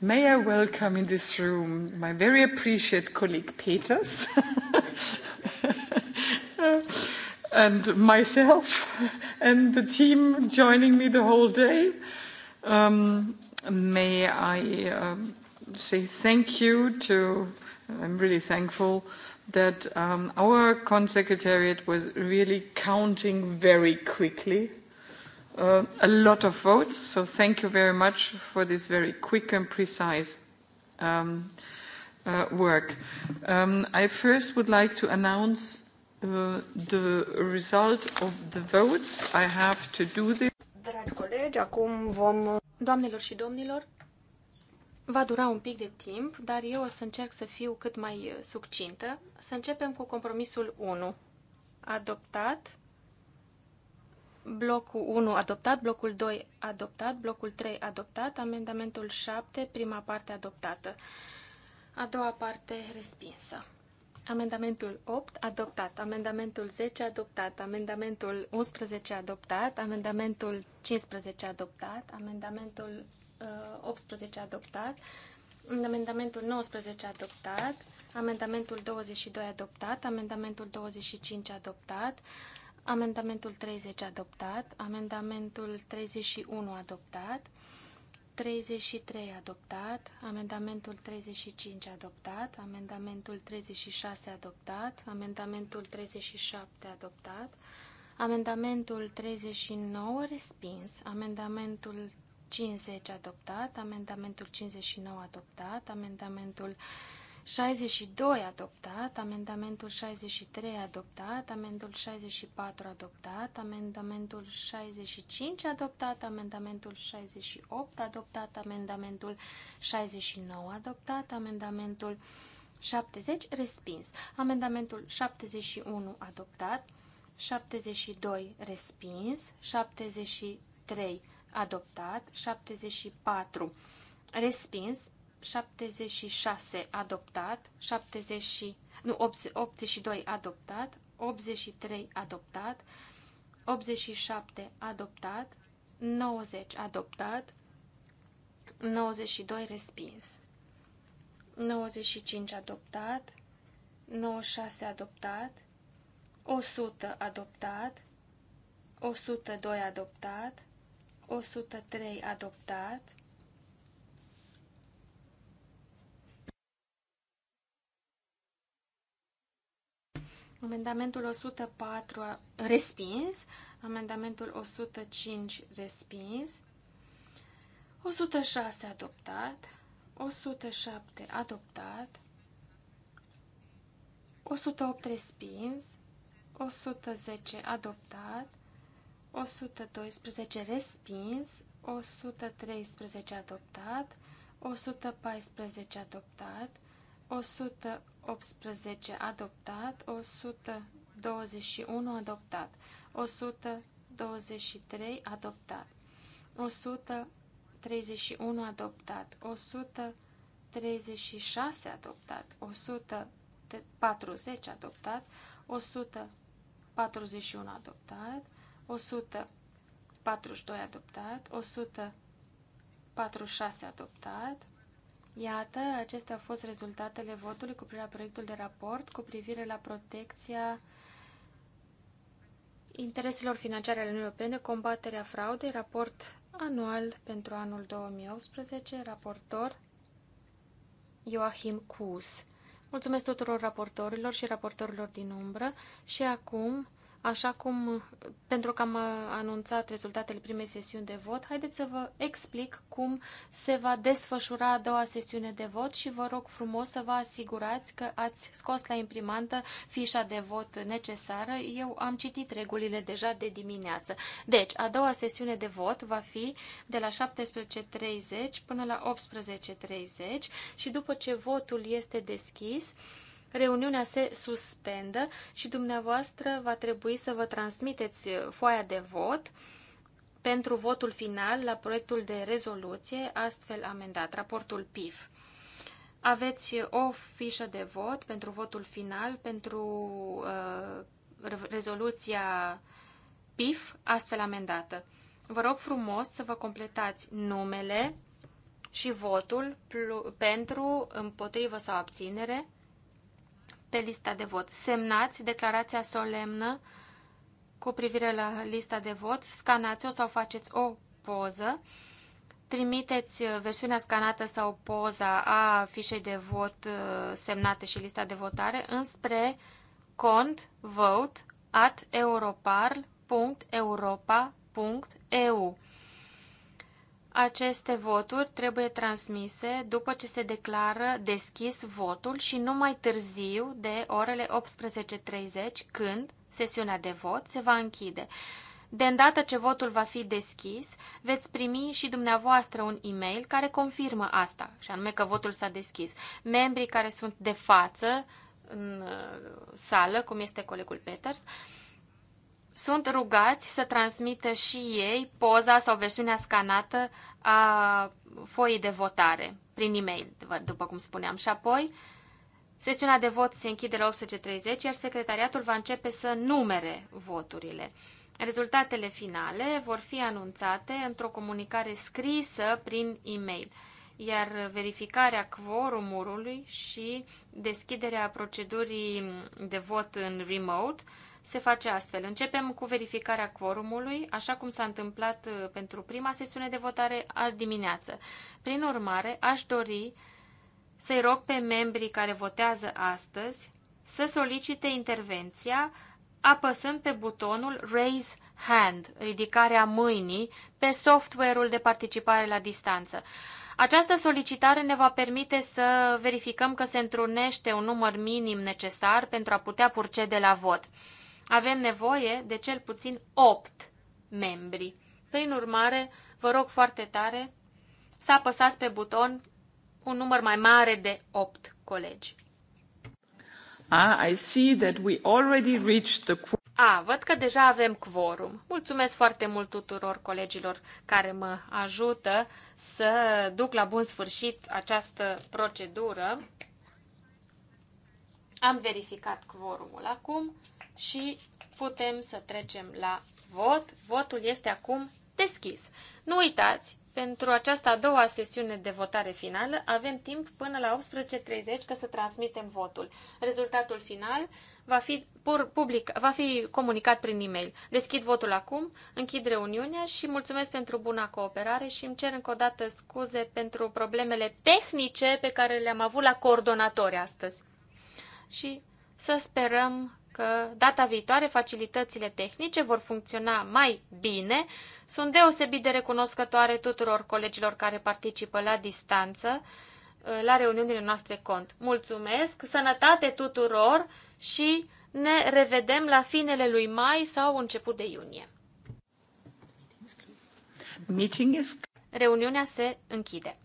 May I welcome in this room my very appreciated colleague Peters and myself and the team joining me the whole day. Um, may I um, say thank you to, I'm really thankful that um, our consecretariat secretariat was really counting very quickly Uh, a lot of votes, so thank you very much for this very quick and precise um, uh, work. Um, I first would like to announce uh, the result of the votes. I have to do this. Dragi colegi, acum vom... Doamnelor și domnilor, va dura un pic de timp, dar eu o să încerc să fiu cât mai uh, succintă. Să începem cu compromisul 1. Adoptat Blocul 1 adoptat, blocul 2 adoptat, blocul 3 adoptat, amendamentul 7, prima parte adoptată, a doua parte respinsă. Amendamentul 8 adoptat, amendamentul 10 adoptat, amendamentul 11 adoptat, amendamentul 15 adoptat, amendamentul uh, 18 adoptat, amendamentul 19 adoptat, amendamentul 22 adoptat, amendamentul 25 adoptat, Amendamentul 30 adoptat, amendamentul 31 adoptat, 33 adoptat, amendamentul 35 adoptat, amendamentul 36 adoptat, amendamentul 37 adoptat, amendamentul 39 respins, amendamentul 50 adoptat, amendamentul 59 adoptat, amendamentul 62 adoptat, amendamentul 63 adoptat, amendul 64 adoptat, amendamentul 65 adoptat, amendamentul 68 adoptat, amendamentul 69 adoptat, amendamentul 70 respins, amendamentul 71 adoptat, 72 respins, 73 adoptat, 74 respins, 76 adoptat, 70, nu, 82 adoptat, 83 adoptat, 87 adoptat, 90 adoptat, 92 respins, 95 adoptat, 96 adoptat, 100 adoptat, 102 adoptat, 103 adoptat, Amendamentul 104 respins. Amendamentul 105 respins. 106 adoptat. 107 adoptat. 108 respins. 110 adoptat. 112 respins. 113 adoptat. 114 adoptat. 118 adoptat, 121 adoptat, 123 adoptat, 131 adoptat, 136 adoptat, 140 adoptat, 141 adoptat, 142 adoptat, 146 adoptat, Iată, acestea au fost rezultatele votului cu privire la proiectul de raport cu privire la protecția intereselor financiare ale Uniunii Europene, combaterea fraudei, raport anual pentru anul 2018, raportor Joachim Kuhs. Mulțumesc tuturor raportorilor și raportorilor din umbră și acum Așa cum, pentru că am anunțat rezultatele primei sesiuni de vot, haideți să vă explic cum se va desfășura a doua sesiune de vot și vă rog frumos să vă asigurați că ați scos la imprimantă fișa de vot necesară. Eu am citit regulile deja de dimineață. Deci, a doua sesiune de vot va fi de la 17.30 până la 18.30 și după ce votul este deschis, reuniunea se suspendă și dumneavoastră va trebui să vă transmiteți foaia de vot pentru votul final la proiectul de rezoluție, astfel amendat, raportul PIF. Aveți o fișă de vot pentru votul final, pentru uh, rezoluția PIF, astfel amendată. Vă rog frumos să vă completați numele și votul pentru, împotrivă sau abținere, pe lista de vot. Semnați declarația solemnă cu privire la lista de vot, scanați-o sau faceți o poză, trimiteți versiunea scanată sau poza a fișei de vot uh, semnate și lista de votare înspre cont vote at europarl.europa.eu aceste voturi trebuie transmise după ce se declară deschis votul și nu mai târziu de orele 18.30, când sesiunea de vot se va închide. De îndată ce votul va fi deschis, veți primi și dumneavoastră un e-mail care confirmă asta, și anume că votul s-a deschis. Membrii care sunt de față în uh, sală, cum este colegul Peters, uh, sunt rugați să transmită și ei poza sau versiunea scanată a foii de votare prin e-mail, după cum spuneam. Și apoi, sesiunea de vot se închide la 18.30, iar secretariatul va începe să numere voturile. Rezultatele finale vor fi anunțate într-o comunicare scrisă prin e-mail, iar verificarea quorumului și deschiderea procedurii de vot în remote – se face astfel. Începem cu verificarea quorumului, așa cum s-a întâmplat uh, pentru prima sesiune de votare azi dimineață. Prin urmare, aș dori să-i rog pe membrii care votează astăzi să solicite intervenția apăsând pe butonul Raise Hand, ridicarea mâinii, pe software-ul de participare la distanță. Această solicitare ne va permite să verificăm că se întrunește un număr minim necesar pentru a putea purcede la vot avem nevoie de cel puțin opt membri. Prin urmare, vă rog foarte tare să apăsați pe buton un număr mai mare de opt colegi. Ah, I see that we already reached the a, văd că deja avem quorum. Mulțumesc foarte mult tuturor colegilor care mă ajută să duc la bun sfârșit această procedură. Am verificat quorumul acum și putem să trecem la vot. Votul este acum deschis. Nu uitați, pentru această a doua sesiune de votare finală avem timp până la 18.30 ca să transmitem votul. Rezultatul final va fi, public, va fi comunicat prin e-mail. Deschid votul acum, închid reuniunea și mulțumesc pentru buna cooperare și îmi cer încă o dată scuze pentru problemele tehnice pe care le-am avut la coordonatori astăzi și să sperăm că data viitoare facilitățile tehnice vor funcționa mai bine. Sunt deosebit de recunoscătoare tuturor colegilor care participă la distanță uh, la reuniunile noastre cont. Mulțumesc, sănătate tuturor și ne revedem la finele lui mai sau început de iunie. Reuniunea se închide.